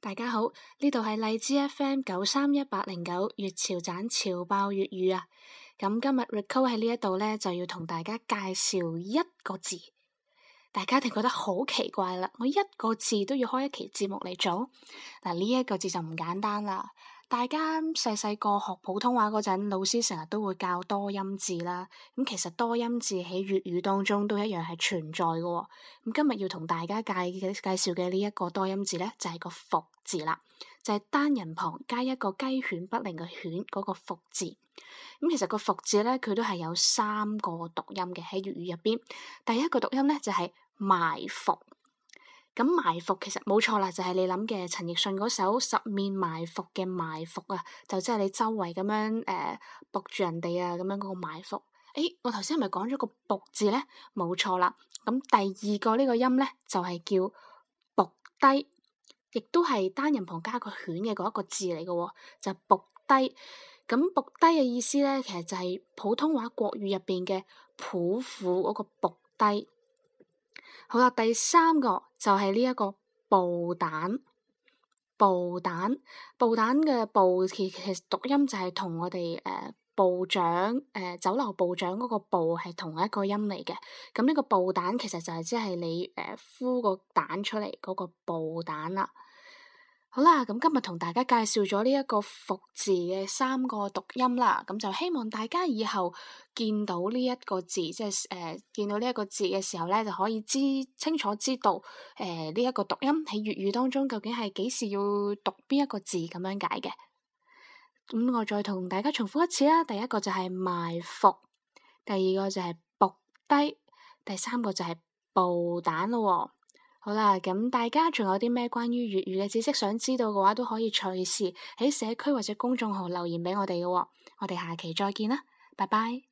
大家好，呢度係荔枝 FM 九三一八零九，粵潮站潮爆粵語啊！咁今日 Recall 喺呢一度呢，就要同大家介紹一個字。大家一定覺得好奇怪啦，我一個字都要開一期節目嚟做嗱，呢、這、一個字就唔簡單啦。大家細細個學普通話嗰陣，老師成日都會教多音字啦。咁其實多音字喺粵語當中都一樣係存在嘅哦。咁今日要同大家介介紹嘅呢一個多音字咧，就係個“伏”字啦，就係單人旁加一個雞犬不寧嘅“犬”嗰個“伏”字。咁其實個“伏”字咧，佢都係有三個讀音嘅喺粵語入邊。第一個讀音咧就係埋伏。咁埋伏其實冇錯啦，就係、是、你諗嘅陳奕迅嗰首《十面埋伏》嘅埋伏啊，就即係你周圍咁樣誒伏住人哋啊，咁樣嗰個埋伏。誒，我頭先係咪講咗個伏字咧？冇錯啦。咁第二個呢個音咧，就係、是、叫伏低，亦都係單人旁加個犬嘅嗰一個字嚟嘅喎，就係、是、伏低。咁伏低嘅意思咧，其實就係普通話國語入邊嘅匍匐嗰個伏低。好啦，第三個就係呢一個伏蛋，伏蛋，伏蛋嘅伏其其實讀音就係同我哋誒、呃、部長誒、呃、酒樓部長嗰個部係同一個音嚟嘅。咁呢個伏蛋其實就係即係你誒孵、呃、個蛋出嚟嗰個伏蛋啦。好啦，咁今日同大家介紹咗呢一個「伏」字嘅三個讀音啦，咁、嗯、就希望大家以後見到呢一個字，即係誒、呃、見到呢一個字嘅時候咧，就可以知清楚知道誒呢一個讀音喺粵語當中究竟係幾時要讀邊一個字咁樣解嘅。咁、嗯、我再同大家重複一次啦，第一個就係埋伏，第二個就係伏低，第三個就係伏蛋咯。好啦，咁大家仲有啲咩關於粵語嘅知識想知道嘅話，都可以隨時喺社區或者公眾號留言畀我哋嘅喔，我哋下期再見啦，拜拜。